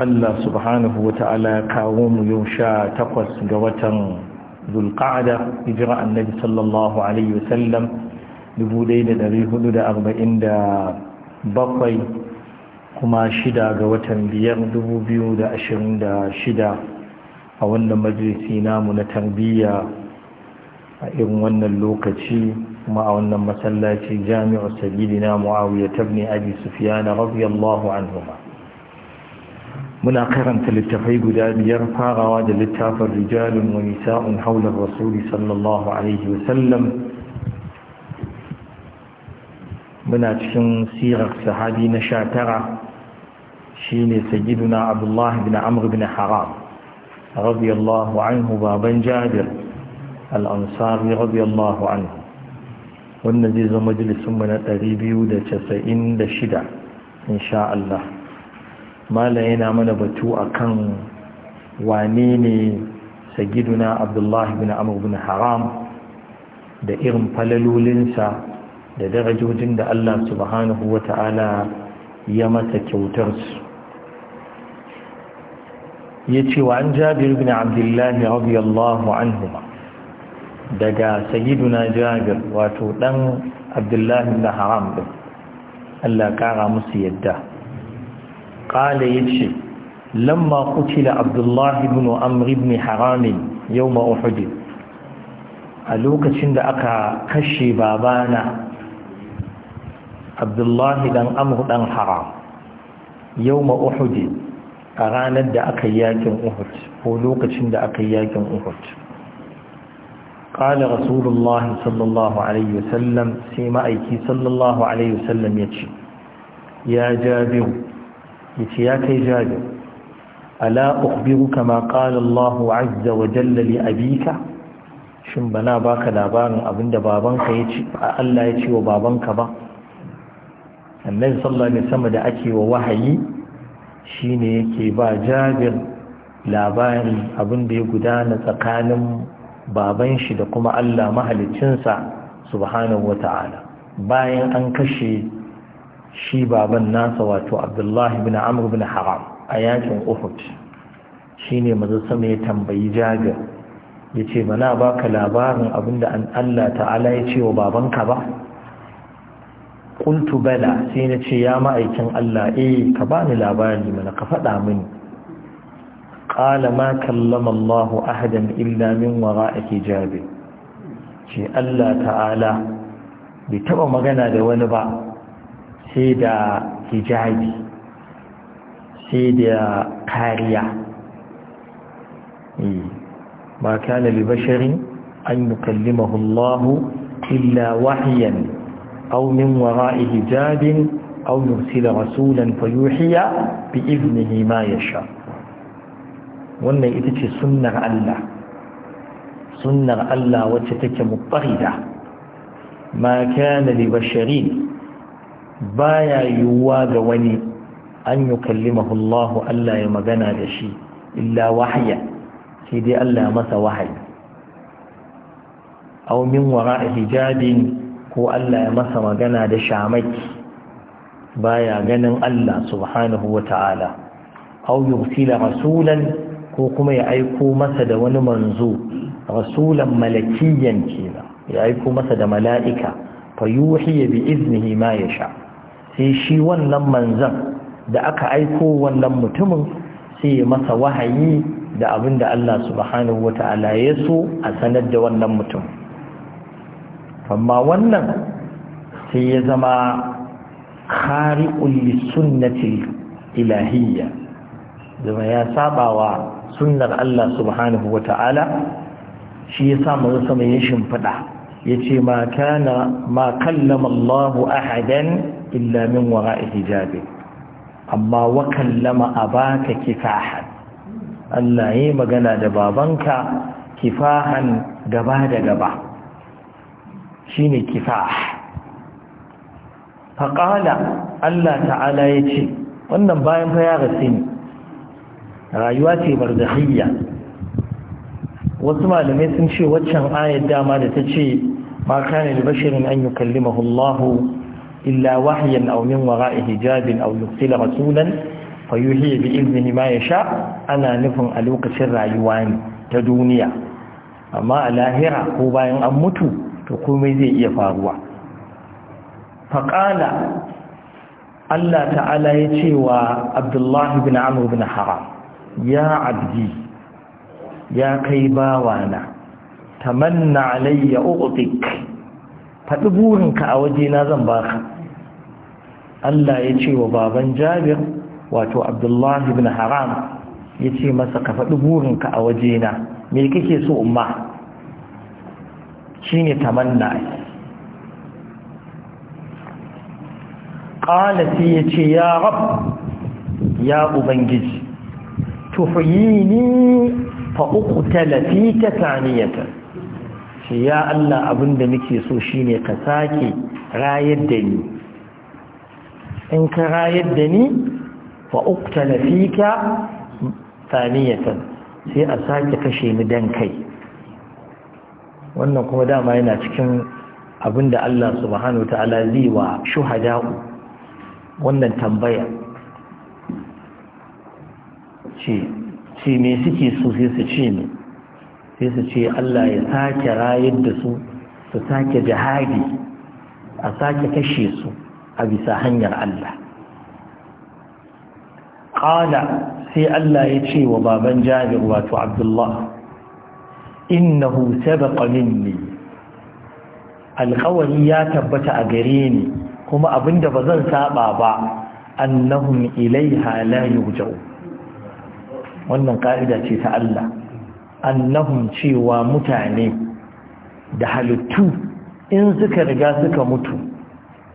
Allah subhanahu wa ta'ala kawo mu yau sha takwas ga watan zulqa'ada hijira annabi sallallahu alaihi wasallam 1447 kuma shida ga watan biyar 2026 a wannan majalisi namu na tarbiyya a irin wannan lokaci kuma a wannan masallaci jami'u sabidina muawiya tabni abi sufyan radiyallahu anhuma muna karanta littafai guda biyar farawa da littafin rijalun wa nisa'un haular rasuli sallallahu alaihi wasallam muna cikin sirar sahabi na sha tara shi ne sayyiduna abdullahi bin amr bin haram radiyallahu anhu baban jabir al'ansari radiyallahu anhu wannan zai zama mu na shida insha Allah malam yana mana batu akan wane ne sagiduna abdullahi bin amur bin haram da irin falalolinsa da darajojin da Allah subhanahu wa ta'ala ya masa kyautarsu ya ce wa an jabir bin abdullahi radiyallahu anhuma daga sagiduna jabir wato dan abdullahi bin haram din Allah kara musu yadda kala ya ce lamma kutila abdullahi bin amr ibn haramin yau ma'ufudi a lokacin da aka kashe babana abdullahi dan Amru ɗan haram yau ma ma'ufudi a ranar da aka yi yakin uhud ko lokacin da aka yi yakin uhud kala rasulullahi sallallahu alaihi wasallam sai ma'aiki sallallahu alaihi wasallam ya ce ya jabiru yace ya kai jabi ala ukhbiruka ma qala Allah azza wa jalla li abika shin bana baka labarin abinda babanka yace Allah ce wa babanka ba annabi sallallahu alaihi wasallam da ake wa wahayi shine yake ba jabir labarin abinda ya gudana tsakanin baban shi da kuma Allah mahalicinsa subhanahu wata'ala bayan an kashe shi baban nasa wato abdullahi bin amur bin haram a yakin uhud shine ne sama ya tambayi jabir ya ce bana baka labarin abinda an Allah ta'ala ya ce wa babanka ba ƙuntu bala sai na ce ya ma'aikin Allah eh ka bani labari mana ka faɗa mini ƙala ma kallama Allahu ahadan illa min wara ake hijabi ce Allah ta'ala bai taɓa magana da wani ba sai da hijabi sai da kariya eh, ma kana li basharin an yukallimahu illa wahyan aunin min wara'i hijabin aw yursila rasulan fayuhiya bi iznihi ma yasha wannan ita ce sunnar Allah sunnar Allah wacce take muqarrida ma kana li baya yiwuwa ga wani an yi kallimahu Allah Allah ya magana da shi illa wahaya sai dai Allah masa wahayi aw min wara'i hijabin ko Allah ya masa magana da shamaki baya ganin Allah subhanahu wata'ala aw yursila rasulan ko kuma ya aiko masa da wani manzo rasulan malakiyan kenan ya aiko masa da mala'ika fa yuhi bi iznihi ma yasha' sai shi wannan manzan da aka aiko wannan mutumin sai ya masa wahayi da abin da Allah subhanahu wa ta'ala ya so a sanar da wannan mutum amma wannan sai ya zama khari'ul lissunnati ilahiyya zama ya wa sunnar Allah subhanahu wa ta'ala shi ya sa manzo sama ya shimfiɗa. yace ma kana ma kallama Allahu ahadan illa min wara'i hijabi amma wa kallama abaka kifahan Allah yi magana da babanka kifahan gaba da gaba shine kifah faqala Allah ta'ala yace wannan bayan fa ya rasu ne rayuwa ce barzakhiyya wasu malamai sun ce waccan ayar dama da ta ce ma kana da bashirin an yukallimahu Allahu إلا وحيا أو من وراء حجاب أو يرسل رسولا فيحيي بإذنه ما يشاء أنا نفهم ألوك سر عيواني تدونيا أما الآهرة هو باين أمتو تقوم زي يفاروا فقال الله تعالى يتي وعبد الله بن عمرو بن حرام يا عبدي يا كيباوانا تمنى علي أغطيك faɗi burinka a wajena zan baka Allah ya ce wa baban jabir wato abdullahi bin haram ya ce masa ka faɗi burinka a wajena me kake so umma shi ne tamanna ƙalasi ya ce ya rab ya ubangiji tufayini ni uku talafi ta taniyata ce ya Allah abin da nake so shine ka sake rayar da ni in ka rayar da ni fa uqtala fika thaniyatan sai a sake kashe ni dan kai wannan kuma dama yana cikin abin da Allah subhanahu ta'ala zai wa shuhada'u wannan tambaya ce ce me suke so sai su ce ne sai su ce Allah ya sake rayar da su su sake jihadi a sake kashe su a bisa hanyar Allah ƙala sai Allah ya ce wa baban jabir wato abdullah innahu sabaqa minni alƙawari ya tabbata a gare ni kuma abinda ba zan saba ba annahum ilaiha la yurja'u wannan ka'ida ce ta Allah annahum cewa mutane da halittu in suka riga suka mutu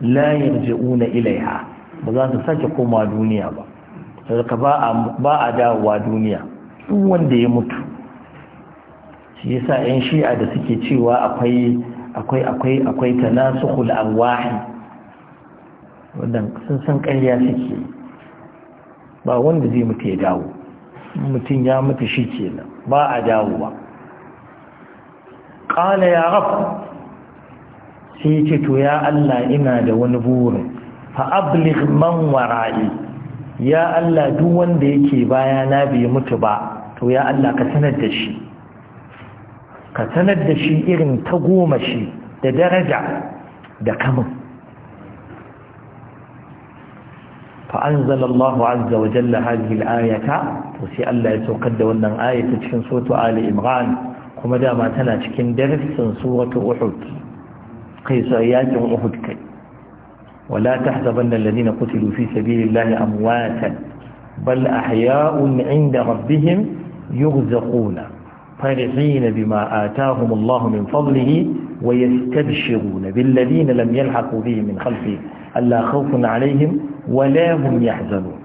la yarji'una ilaiha ba za su sake koma duniya ba saboda ba a dawowa duniya duk wanda ya mutu shi yasa yan shi'a da suke cewa akwai akwai akwai akwai tanasukhul arwahi wannan sun san ƙarya suke ba wanda zai mutu ya dawo mutum ya mutu shi kenan ba a dawowa ƙala ya rab sai ce to ya Allah ina da wani burin fa'ablik man wara'i ya Allah duk wanda yake baya na bai mutu ba to ya Allah ka sanar da shi ka sanar da shi irin ta goma shi da daraja da kamun فأنزل الله عز وجل هذه الآية وسي الله يتوقد وأن آية تشكن سورة آل إمغان كما داما تنا تشكن درس سورة أحد قيس آيات أحد كي ولا تحسبن الذين قتلوا في سبيل الله أمواتا بل أحياء عند ربهم يرزقون فرحين بما آتاهم الله من فضله ويستبشرون بالذين لم يلحقوا بهم من خلفهم ألا خوف عليهم ولا هم يحزنون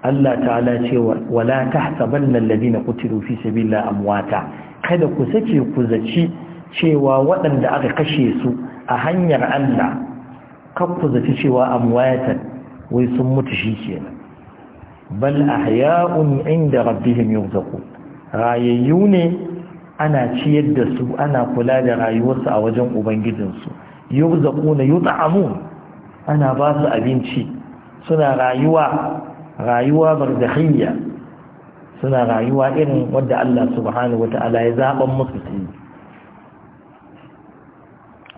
Allah ta'ala cewa wala tahsabanna alladhina qutilu fi sabilillahi amwata kada ku sake ku zaci cewa waɗanda aka kashe su a hanyar Allah kan ku zaci cewa amwatan wai sun mutu shi kenan bal ahya'un inda rabbihim yurzaqun rayayyu ne ana ciyar da su ana kula da rayuwarsu a wajen ubangijinsu yurzaquna yut'amun ana ba su abinci suna rayuwa rayuwa barzakhiyya suna rayuwa irin wadda Allah subhanahu wata'ala ya zaban musu su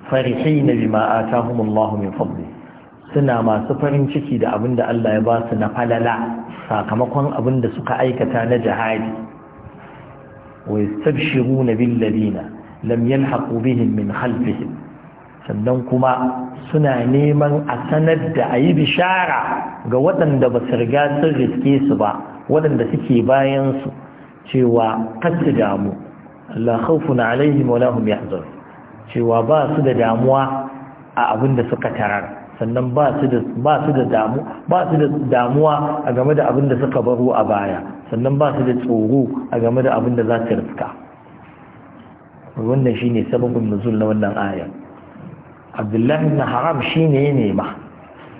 farihin bima atahum min fadli suna masu farin ciki da abinda Allah ya ba su na falala sakamakon abin da suka aikata na jihadi wa yastabshiruna bil ladina lam yalhaqu bihim min khalfihim sannan kuma suna neman a sanar da ayi bishara ga waɗanda ba su riga sun riske su ba waɗanda suke bayan su cewa kasu damu Allah khawfun alaihim wa lahum yahzan cewa ba su da damuwa a abin da suka tarar sannan ba su da damuwa a game da abin da suka baro a baya sannan ba su da tsoro a game da abin da za su riska wannan shine sababin nuzul na wannan ayar abdullahi na haram shine ya nema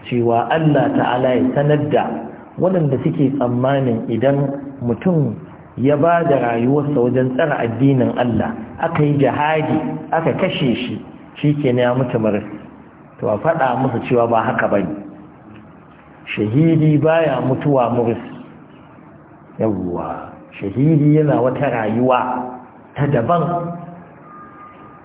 cewa Allah ta'ala ya sanar da waɗanda suke tsammanin idan mutum ya ba da rayuwarsa wajen tsara addinin Allah aka yi jihadi aka kashe shi shi ke ya mutu marasa. to a faɗa musu cewa ba haka ba ne shahidi baya mutuwa muris yawwa shahidi yana wata rayuwa ta daban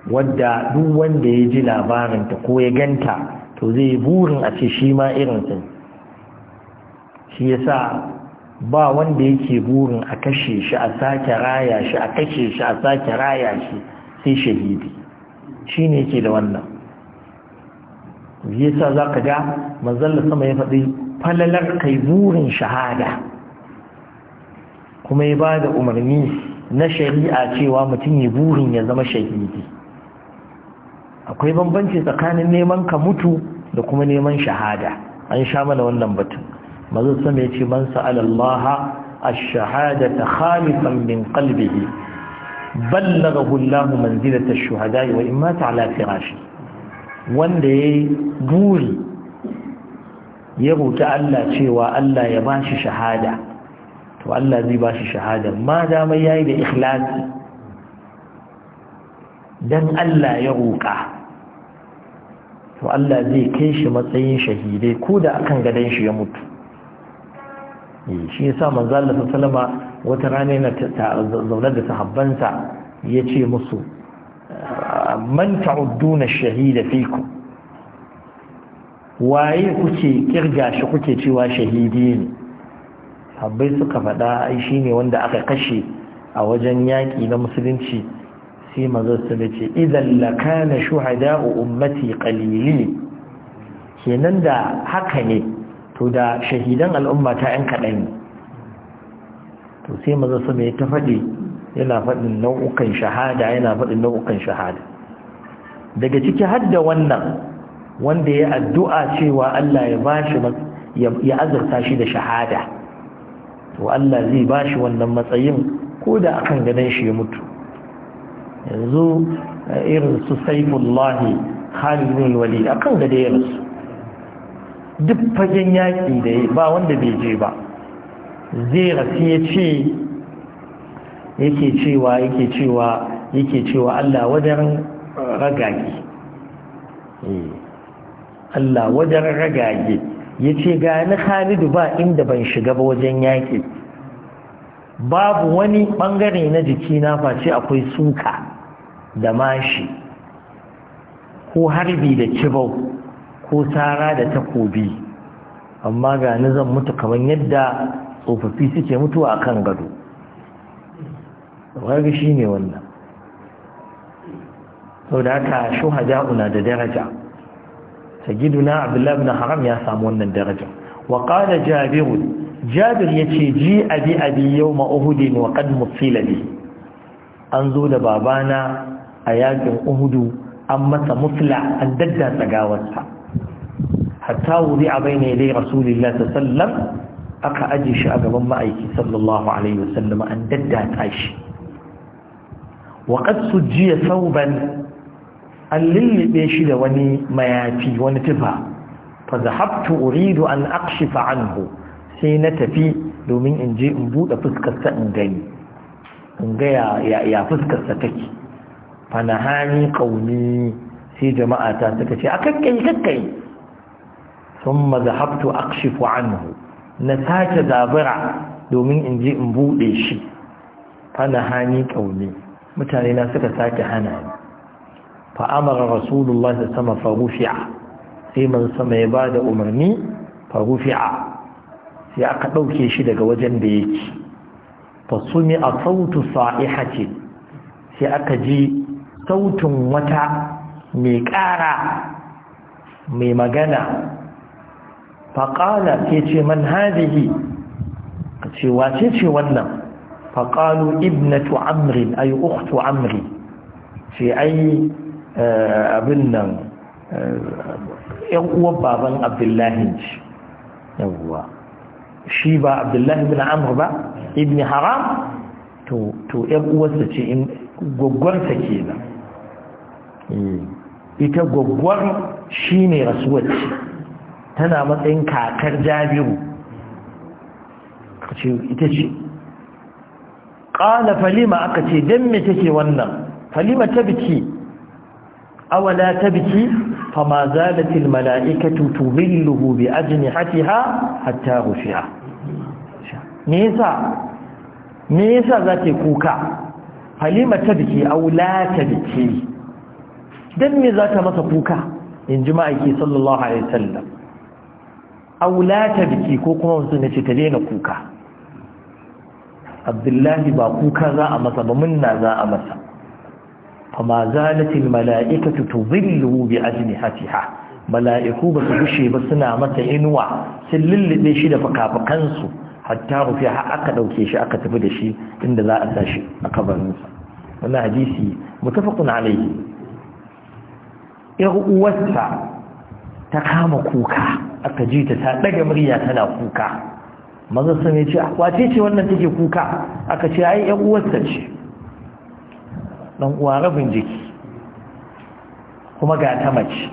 wadda duk wanda ya ji labarinta ko ya ganta to zai burin a ce shi ma irinsa shi yasa ba wanda yake burin a kashe shi a sake raya shi a kashe shi a sake raya shi sai shahidi shi ne yake da wannan yasa za ka ga manzalla sama ya faɗi falalar kai burin shahada kuma ya ba da umarni na shari'a cewa mutum ya burin ya zama shahidi akwai bambanci tsakanin neman ka mutu da kuma neman shahada an sha mana wannan batun mazal sama ya ce man sa'ala Allah ash-shahadata khalifan min qalbihi ballaghahu Allah manzilata ash-shuhada wa imma ta'ala firashi wanda ya yi buri ya roƙi Allah cewa Allah ya ba shi shahada to Allah zai ba shi shahada ma damar ya yi da ikhlasi don Allah ya roƙa to Allah zai kai shi matsayin shahidai ko da akan gadon shi ya mutu eh, shi yasa manzo Allah sallama wata rana yana zaune da sahabbansa ya ce musu man ta'udduna shahida fikum waye kuke kirga shi kuke cewa shahidi ne Habai suka faɗa ai shine wanda aka kashe a wajen yaƙi na musulunci sai mazo su ce idan la kana shuhada ummati qalili kenan da haka ne to da shahidan al'umma ta yan kaɗan to sai mazo su ta faɗi yana faɗin nau'ukan shahada yana faɗin nau'ukan shahada daga ciki har da wannan wanda ya addu'a cewa Allah ya bashi ya azurta shi da shahada to Allah zai bashi wannan matsayin ko da akan ganin shi ya mutu yanzu eh, irin su saifullahi bin Walid akan gade ya rasu duk fagen yaƙi da ba wanda bai je ba zai rasu ya ce yake cewa yake cewa yake cewa Allah wajen ragage eh, Allah wajen ragage ya ce gani Khalidu ba inda ban shiga ba wajen yaƙi babu wani ɓangare na jiki na face akwai suka da mashi ko harbi da kibau ko tsara da takobi amma gani zan mutu kamar yadda tsofaffi suke mutuwa akan gado wani shi ne wannan sau da haka shuhada'u na da daraja sagiduna abdullahi na haram ya samu wannan daraja wa qala jabiru jabir ce ji abi abi yau uhud wa qad mutila an zo da babana a yakin uhudu an masa mutla an dadda tsagawarsa hatta wuri a ne dai rasulullahi sallallahu aka aji shi a gaban ma'aiki sallallahu alaihi wasallam an dadda tashi wa qad sujiya thawban an lullube shi da wani mayafi wani tufa fa zahabtu uridu an akshifa anhu sai na tafi domin in je in buɗe fuskarsa in gani in ga ya fuskarsa take fa na hani kauni sai jama'a ta suka ce akakkai kakkai thumma zahabtu akshifu anhu na sake zabura domin in je in buɗe shi fa na hani kauni. mutane na suka sake hana ni fa amara sama fa sai man sama ya bada umarni fa sai aka ɗauke shi daga wajen da yake fa sumi a sautu sa'ihati sai aka ji sautin wata mai ƙara mai magana faƙala ke ce man hadihi ka ce wace ce wannan فقالوا ابنة عمرو أي أخت عمرو في أي أبنى يقوى بابا عبد الله يقوى شيبا عبد الله بن عمر با ابن حرام تو تو يقوى ستي gwaggwar ta kenan ita gwaggwar shine rasuwar tana matsayin kakar jabiru ita ce qala falima aka ce dan me take wannan falima ta biki awala ta biki tabki fama zalatil mala'ikatu tudhilluhu bi ajnihatiha hatta rufi'a me yasa me yasa zake kuka Falima ta biki tabki ta biki dan me zata masa kuka in jima'a ma'aiki sallallahu alaihi wasallam ta biki ko kuma wasu ne ce ta daina kuka abdullahi ba kuka za a masa ba munna za a masa fama zalatil mala'ikatu tuzillu bi ajnihatiha mala'iku ba su gushe ba suna mata inuwa sun lullube shi da fakafakansu hatta rufi har aka ɗauke shi aka tafi da shi inda za a tashi a kabarinsa wannan hadisi mutafaqun alayhi yar uwarsa ta kama kuka aka ji ta ta ɗaga murya tana kuka maza sun ce wace ce wannan take kuka aka ce ai yan uwarta ce dan uwa rabin jiki kuma ga ta mace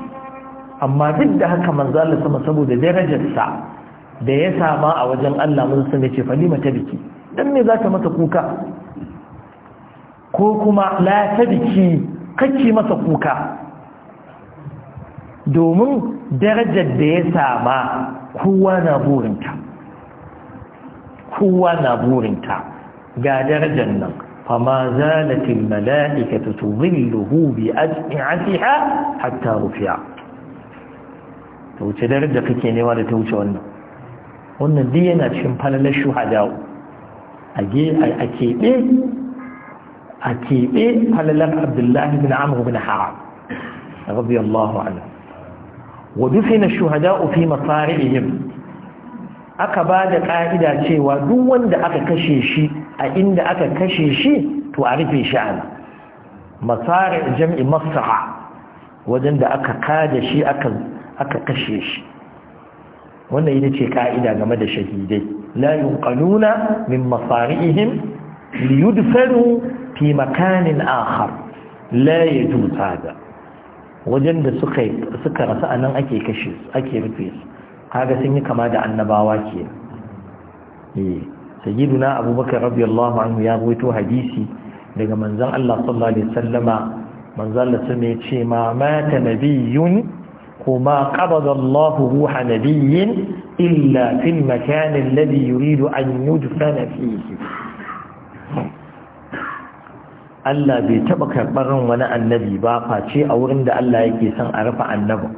amma duk da haka manzo Allah sama saboda darajarsa da ya sama a wajen Allah mun sun ce falima ta biki dan me za ta masa kuka ko kuma la ta biki kake masa kuka domin darajar da ya sama kowa na burinta kowa na burinta ga darajar nan fama zalatin mala'ika ta tuzilluhu bi ajiyatiha hatta rufiya ta wuce darajar kake nema da ta wuce wannan wannan duk yana cikin falalar shuhada a a keɓe a keɓe falalar abdullahi bin amur bin haram rabbi allahu anhu ودفن الشهداء في مصارعهم aka ba da ƙa'ida cewa duk wanda aka kashe shi a inda aka kashe shi to a rufe shi ana masari jam'i masaha wajen da aka kada shi aka kashe shi wannan ita ce ƙa'ida game da shahidai layun ƙanuna min masari'ihim liyudfanu fi makanin ahar Laye ya ga wajen da suka rasu a nan ake rufe su kaga sun yi kama da annabawa ke eh sayyiduna abubakar radiyallahu anhu ya rawaito hadisi daga manzan Allah sallallahu alaihi wasallama manzon ya ce ma mata nabiyyun kuma qabada Allah ruha nabiyyin illa fil makan alladhi yuridu an yudfana fihi Allah bai taɓa karɓar wani annabi ba face a wurin da Allah yake son a rufe annabi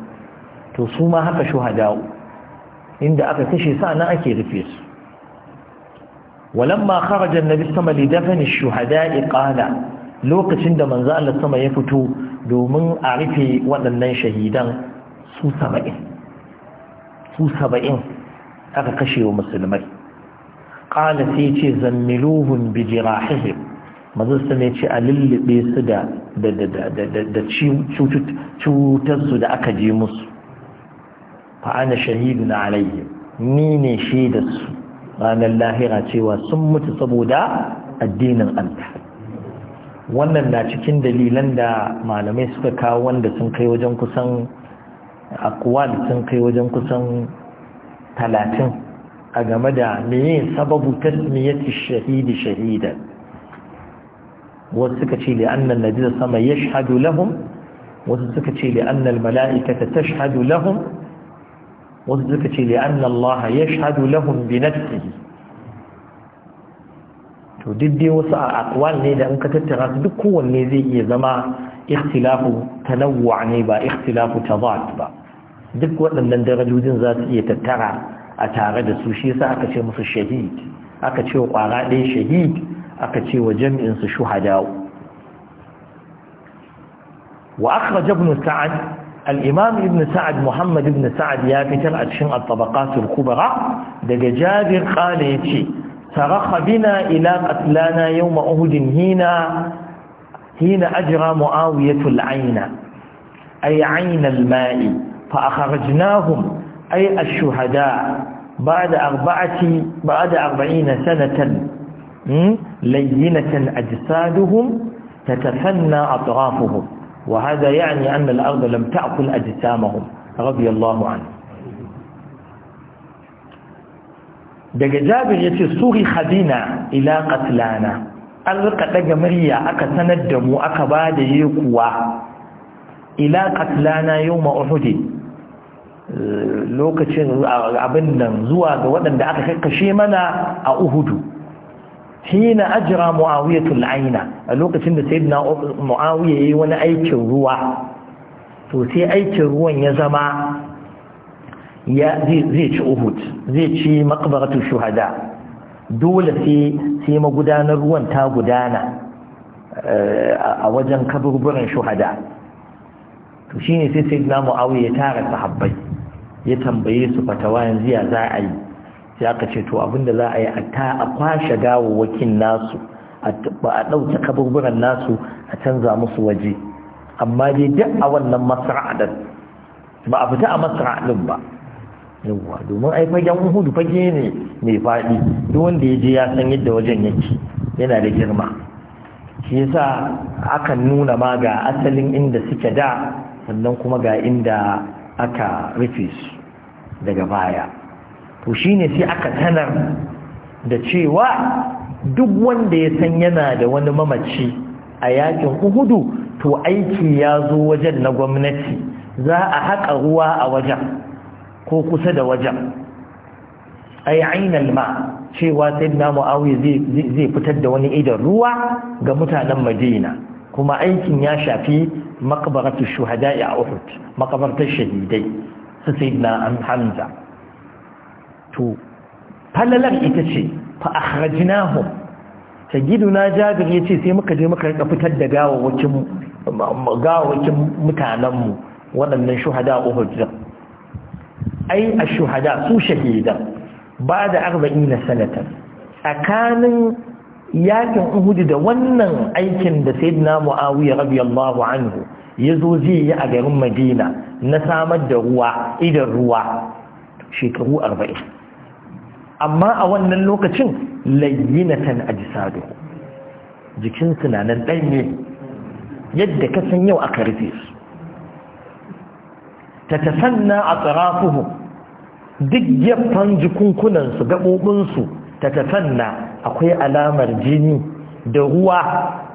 to su ma haka shuhada'u inda aka kashe sa nan ake rufe su walamma kharaja annabi sama li dafani shuhada'i qala lokacin da manzo Allah sama ya fito domin a rufe waɗannan shahidan su 70 su 70 aka kashe wa musulmai qala sai ce zammiluhum bi jirahihim manzo sama ce a lullube su da da da da da aka je musu fa ana shahidun alayhi ni ne shaidar su ranar lahira cewa sun mutu saboda addinin Allah wannan na cikin dalilan da malamai suka kawo wanda sun kai wajen kusan akwal sun kai wajen kusan talatin a game da meye sababu tasmiyati shahidi shahida wasu suka ce li'annan nabi sama yashhadu lahum wasu suka ce li'annal mala'ikata tashhadu lahum wasu suka ce li'an Allah ya shahadu lahum bi nafsihi to duk dai wasu a akwal ne da an ka tattara su duk kowanne zai iya zama ikhtilafu tanawwu ne ba ikhtilafu tadad ba duk waɗannan darajojin za su iya tattara a tare da su shi yasa aka ce musu shahid aka ce wa ƙwara ɗaya shahid aka ce wa jami'in su shuhada'u wa akhraj ibn sa'ad الإمام ابن سعد محمد ابن سعد يا فتر أتشن الطبقات الكبرى دق جابر قال يتي صرخ بنا إلى قتلانا يوم أهد هنا هنا أجرى معاوية العين أي عين الماء فأخرجناهم أي الشهداء بعد أربعة بعد أربعين سنة لينة أجسادهم تتفنى أطرافهم وهذا يعني أن الأرض لم تأكل أجسامهم رضي الله عنه daga jabir ya ce suri hadina ila katlana an rika daga murya aka sanar da mu aka ba da yi kuwa ila katlana yau ma'uhudi lokacin abin nan zuwa ga waɗanda aka kakkashe mana a uhudu hina ajra muawiyatul aina a lokacin da sayyidina muawiya yayi wani aikin ruwa to sai aikin ruwan ya zama ya zai ci uhud zai ci maqbaratul shuhada dole sai sai magudanar ruwan ta gudana eh, a wajen kaburburan shuhada to shine sai sayyidina muawiya ya tara sahabbai ya tambaye su fatawa yanzu ya za a yi sai aka ce to abinda za a yi a ta a kwashe gawawakin nasu ba a ɗauke kaburburan nasu a canza musu waje amma dai duk a wannan masra'adar ba a fita a masra'adin ba yawwa domin ai fagen uhudu fage ne mai faɗi duk wanda ya je ya san yadda wajen yake yana da girma shi yasa aka nuna ma ga asalin inda suke da sannan kuma ga inda aka rufe su daga baya to ne sai aka sanar da cewa duk wanda ya san yana da wani mamaci a yakin uhudu to aiki ya zo wajen na gwamnati za a haƙa ruwa a wajen ko kusa da wajen ai ainal ma cewa sayyidina muawiya zai fitar da wani idan ruwa ga mutanen madina kuma aikin ya shafi makabaratu shuhada a uhud makabartar shahidai su sayyidina hamza to falalar ita ce fa gidu na jabir ce sai muka je muka rika fitar da gawawakin gawawakin mutanen waɗannan shuhada Uhud ai a shuhada su shahida ba da 40 sanata tsakanin yakin Uhud da wannan aikin da sayyidina Muawiya radiyallahu anhu yazo zai yi a garin Madina na samar da ruwa idan ruwa shekaru arba'in amma a wannan lokacin layyinatan ajsadu jikin su na nan danye yadda ka san yau aka rufe su tatasanna atrafuhu duk gefen jikunkunan su gabobin su tatasanna akwai alamar jini da ruwa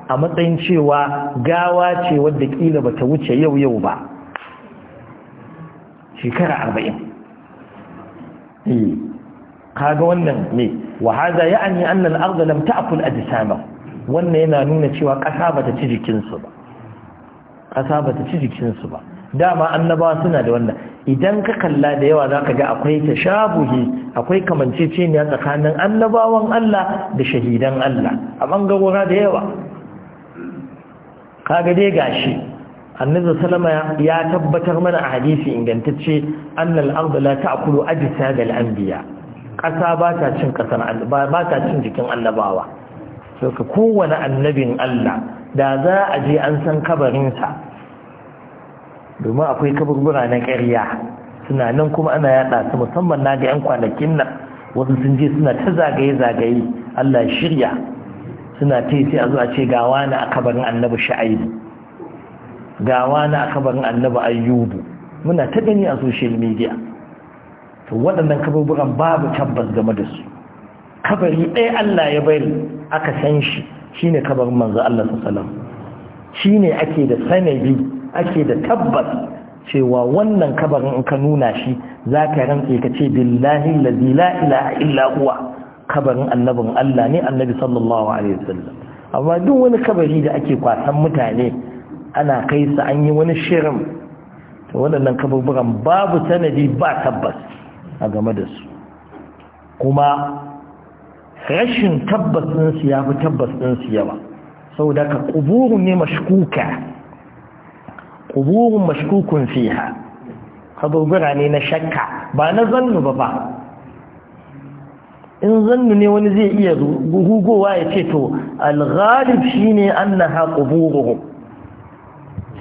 a matsayin cewa gawa ce wadda kila bata wuce yau yau ba shekara arba'in. Eh. kaga wannan me wa ya ya'ni anna al-ard lam ta'kul ajsama wannan yana nuna cewa kasa bata ci jikin su ba kasa bata ci jikin su ba dama annabawa suna da wannan idan ka kalla da yawa zaka ga akwai tashabuhi akwai kamanceceniya tsakanin annabawan Allah da shahidan Allah a bangarora da yawa kaga dai gashi annabi sallama ya tabbatar mana a hadisi ingantacce annal ard la ta'kulu ajsad al-anbiya ƙasa ba ta cin ƙasar ba ta cin jikin annabawa ka kowane annabin Allah da za a je an san kabarinsa domin akwai kaburbura na ƙarya suna nan kuma ana yaɗa su musamman na ga 'yan kwanakin nan wasu sun je suna ta zagaye-zagaye Allah shirya suna ta yi sai a zuwa ce gawa na a kabarin annabi sha'ayi gawa na a kabarin annabi ayyubu muna ta gani a social media to waɗannan kaburburan babu tabbas game da su kabari ɗaya Allah ya bari aka san shi ne kabarin manzo Allah sallallahu ne ake da sanadi ake da tabbas cewa wannan kabarin in ka nuna shi za zaka rantse ka ce billahi allazi la ilaha illa huwa kabarin annabin Allah ne annabi sallallahu alaihi wasallam amma duk wani kabari da ake kwasan mutane ana kai sa an yi wani shirin to waɗannan kaburburan babu sanadi ba tabbas a game da su kuma rashin tabbas ɗinsu ya fi tabbas ɗinsu yawa sau daga ƙuburin ne mashkuka ƙuburin mashkukun fiha kaburbura ne na shakka ba na zannu ba ba in zannu ne wani zai iya gugowa ya ce to alghalib shine annaha an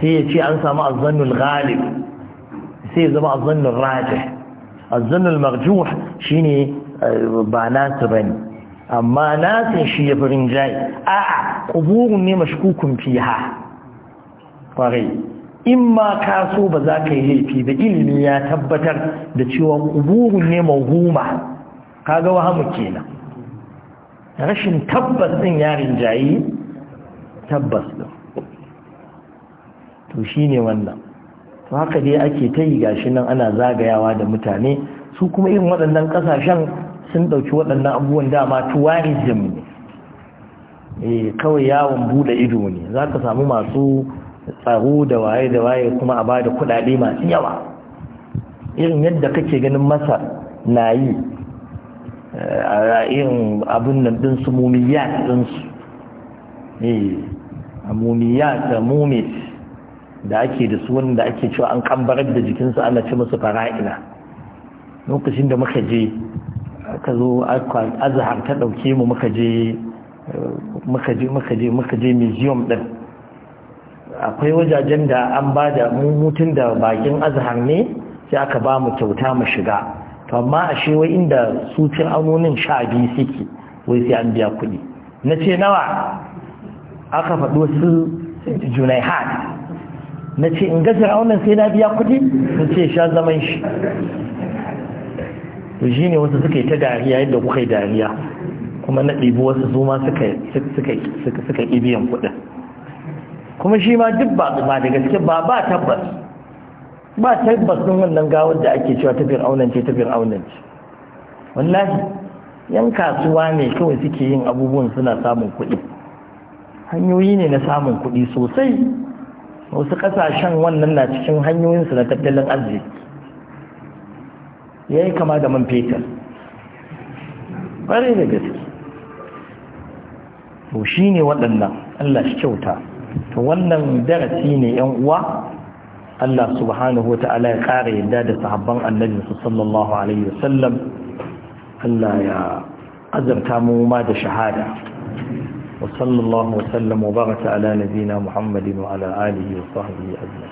sai ya ce an samu azannul ghalib sai ya zama azannul rajih azzanul marjuh shine ba nasu bane amma nasin shi ya firin jayi a'a kuburun ne mashkukun fiha kwarai in ma ka so ba za ka yi laifi ba ilimi ya tabbatar da cewa kuburun ne mahuma kaga wahamu kenan rashin tabbas din yarin jayi tabbas din to shine wannan to haka dai ake ta yi gashi nan ana zagayawa da mutane su kuma irin waɗannan ƙasashen sun ɗauki waɗannan abubuwan dama tourism ne eh, kawai yawon buɗe ido ne za ka samu masu tsaro da waye da waye kuma a bada kuɗaɗe masu yawa irin yadda kake ganin masa na yi eh, a irin abin nan ɗin su mumiyat ɗinsu eh, mumiyat da mumis da ake da su wanda ake cewa an kambarar da jikinsu ana ce musu fara'ina lokacin da muka je aka zo azahar ta ɗauke mu muka je muka je museum ɗin akwai wajajen da an ba da mutun da bakin azahar ne sai aka ba mu kyauta mu shiga to amma ashe wai inda su anonin sha biyu suke wai sai an biya kuɗi na ce nawa aka faɗo su junaihat na ce in ga fir'aunan sai na biya kudi na ce sha zaman shi to shi ne wasu suka yi ta dariya yadda kuka yi dariya kuma na ɗibi wasu su ma suka yi biyan kudin kuma shi ma duk ba da gaske ba ba tabbas ba tabbas sun wannan gawar da ake cewa ta fir'aunan ce ta fir'aunan ce wallahi yan kasuwa ne kawai suke yin abubuwan suna samun kuɗi hanyoyi ne na samun kuɗi sosai wasu ƙasashen wannan na cikin hanyoyinsu na tattalin arziki ya yi kama da man fetur ƙwarai da gaske to shi ne waɗannan allah shi kyauta to wannan darasi ne yan uwa allah subhanahu ta'ala ya ƙara yadda da sahabban annabi sallallahu alaihi wasallam allah ya azarta mu ma da shahada وصلى الله وسلم وبارك على نبينا محمد وعلى آله وصحبه أجمعين